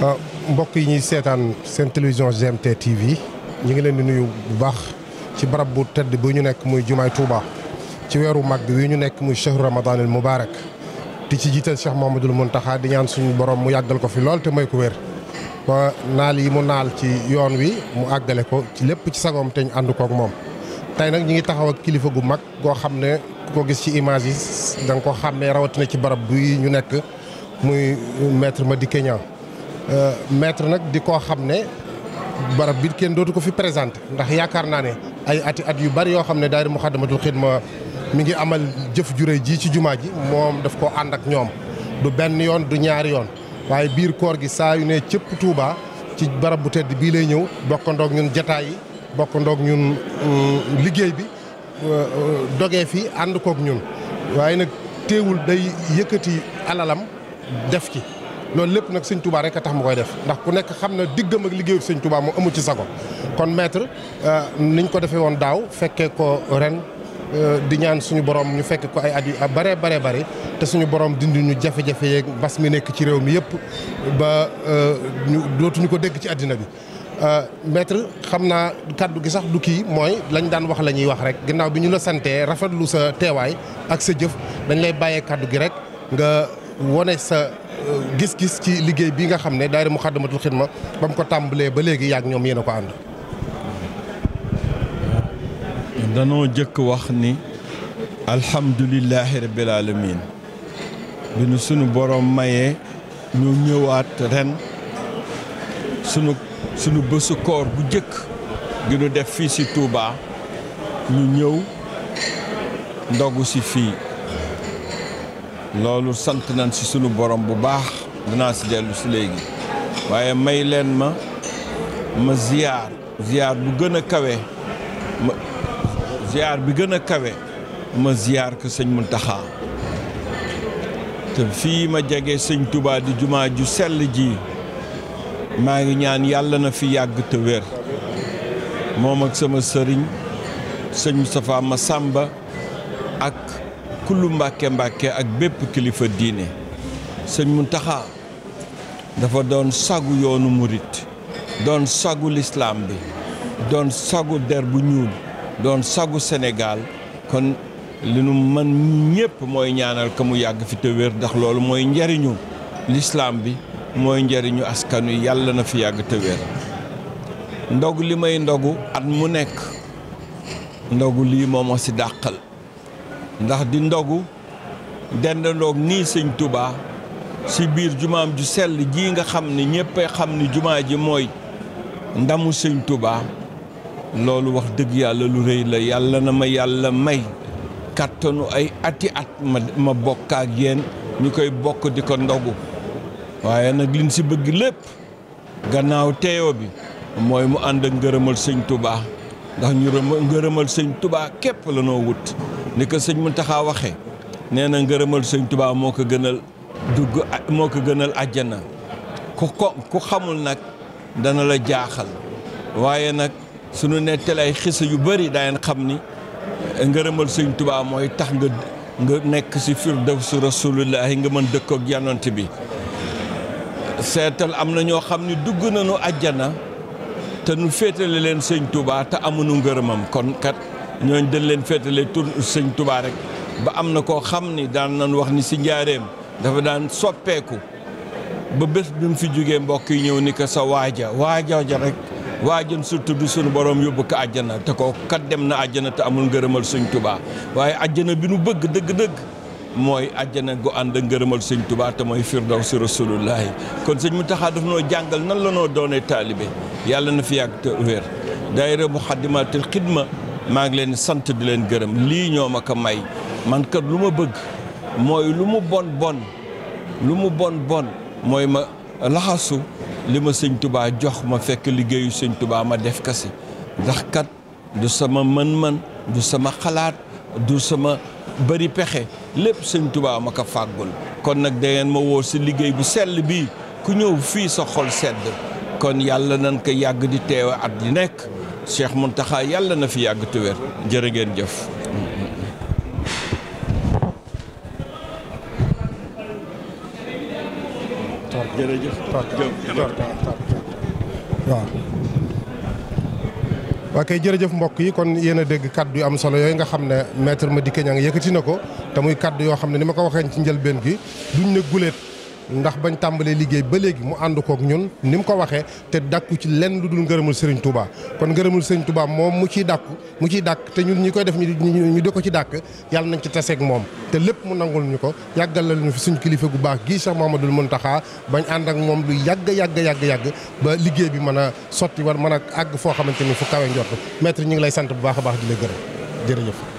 Ah, mbokk yi ñuy seetaan seen télévision GMT TV ñu ngi leen di nuyu bu baax ci barab bu tedd bi ñu nekk muy jumaay Touba ci weeru mag bi wi ñu nekk muy mu ramadanil rek di ci jiital Cheikh Mouhamadoul Mountakha di ñaan suñu borom mu yàggal ko fi lool te may ko wér ba naal yi mu naal ci yoon wi mu àggale ko ci lépp ci sagoom te ànd kook moom tey nag ñu ngi taxaw ak kilifa gu mag goo xam ne ku ko gis ci image yi da nga ko xàmmee rawatina ci barab bi ñu nekk muy maître Madické Niang Euh, maître nag di koo xam ne barab bi kenn dootu ko fi présenté ndax yaakaar naa ne ay ati at yu bari yoo xam ne daayira Muxaddamatul Xidma mi ngi amal jëf ju rëy ji ci jumaa ji moom daf koo ànd ak ñoom du benn yoon du ñaari yoon waaye biir koor gi saa yu ne cëpp Tuuba ci barab bu tedd bii lay ñëw bokkandoog ñun jataay yi bokkandoog ñun mm, liggéey bi euh, euh, dogee fi ànd kook ñun waaye nag téewul day yëkkati alalam def ci loolu lépp nag sëñ Touba rek a tax mu koy def ndax ku nekk xam na diggam ak liggéeyu sëñ Touba mu amu ci sago kon maître euh, niñ ko defee woon daaw fekkee ko ren euh, di ñaan suñu borom ñu fekk ko ay at yu bare bare bare te suñu borom dindi ñu jafe-jafe yeeg bas mi nekk ci réew mi yëpp ba euh, dootuñu ko dégg ci àddina bi. maître xam naa kàddu gi sax du kii mooy lañu daan wax la ñuy wax rek ginnaaw bi ñu la santee rafetlu sa teewaay ak sa jëf dañ lay bàyyee kàddu gi rek nga wone sa. gis-gis ci liggéey bi nga xam ne daayira Muxaddamatul Xidma ba mu ko tàmbalee ba léegi yàgg ñoom yéen a ko ànd. danoo jëkk wax ni alhamdulilahi rabbil alamin bi nu sunu borom mayee ñu ñëwaat ren sunu sunu bésu koor bu jëkk gi nu def fii si tuubaa ñu ñëw ndogu si fii. loolu sant nañ ci sunu borom bu baax dinaa ci dellu ci léegi waaye may leen ma ma ziyaar ziyaar bu gën a kawe ma ziyaar bi gën a kawe ma ziyaar ko sëñ te fii ma jege sëñ Tuubaa di jumaa ju sell ji maa ngi ñaan yàlla na fi yàgg te wér moom ak sama sëriñ sëñ Moustapha Massamba kullu mbàkke mbàkke ak bépp kilifa diine sëñ taxa dafa doon sagu yoonu murit doon sagu lislaam bi doon sagu der bu ñuul doon sagu senegaal kon li nu man ñépp mooy ñaanal ka yàgg fi te wér ndax loolu mooy njariñu lislaam bi mooy njariñu askanu yàlla na fi yàgg te wér li may ndogu at mu nekk ndogu lii moom a si dàqal ndax di ndogu dendandoog nii sëñ Touba si biir jumaam ju sell ji nga xam ne ñëpp xam ni jumaa ji mooy ndamu sëñ tubaa loolu wax dëgg yàlla lu rëy la yàlla na ma yàlla may kàttanu ay ati at ma ma bokk ak ñu koy bokk di ko ndogu waaye nag liñ si bëgg lépp gannaaw teeyoo bi mooy mu ànd ak ngërëmal sëñ Touba. ndax ñu ngërëmal sëñ tubaa képp la noo wut ni ko sëñ taxa waxe nee na ngërëmal sëñ tubaa moo ko gënal dugg moo ko gënal àjjana ku xamul nag dana la jaaxal waaye nag suñu nettali ay xisa yu bari daayen xam ni ngërëmal sëñ tubaa mooy tax nga nga nekk si firdawsi rasuulullaahi nga mën dëkkook yonent bi seetal am na ñoo xam ni dugg nañu àjjana te nu féetale leen sëñ Touba te amuñu ngërëmam kon kat ñooñ dañ leen féetale tur sëñ tubaa rek ba am na koo xam ni daan nañ wax ni si njaareem dafa daan soppeeku ba bés bi mu fi jógee mbokk yi ñëw ni ko sa waaja waaja ja rek waajan su tudd suñu borom yóbbu ko àjjana te ko kat dem na àjjana te amul ngërëmal sëñ tubaa waaye àjjana bi nu bëgg dëgg-dëgg mooy àjjana gu ànd ak ngërëmal sëñ Touba te mooy firdaw si rasulullahi kon sëñ Mountakha daf noo jàngal nan la noo doonee taalibe yàlla na fi yàgg te wér daayira Muxaddamaatul Xidma maa ngi leen sant di leen gërëm lii ñoo ma ko may mankat lu ma bëgg mooy lu mu bon bon lu mu bon bon mooy ma laxasu li ma sëñ tubaa jox ma fekk liggéeyu sëñ tubaa ma def ka si ndax kat du sama mën-mën du sama xalaat du sama bëri pexe lépp sëñ tubaa ma ko fàggul kon nag da ma woo si liggéey bu sell bi ku ñëw fii sa xol sedd kon yàlla nañ ko yàgg di teewe at yi nekk Cheikh Mountakha yàlla na fi yàgg te wér jërë ngeen jëf jërëjëf waaw waa kay mbokk yi kon yéen a dégg kaddu yu am solo yooyu nga xam ne maître Madické Niang yëkkati na ko te muy kaddu yoo xam ne ni ma ko waxee ci njëlbeen gi duñ ne guleet ndax bañ tàmbalee liggéey ba léegi mu ànd kook ñun ni mu ko waxee te dàkku ci lenn lu dul ngërëmul Serigne Touba kon ngërëmul Serigne Touba moom mu ciy dàkku mu ciy dàkk te ñun ñi koy def ñu di ko ci dàkk yàlla nañ ci taseeg moom te lépp mu nangul ñu ko yàggal ñu fi suñu kilifa gu baax gii Cheikh Mamadou Mountakha bañ ànd ak moom lu yàgg yàgg yàgg yàgg ba liggéey bi mën a sotti war mën a àgg foo xamante ni fu kawe njort maître ñu ngi lay sant bu baax a baax di la jërëjëf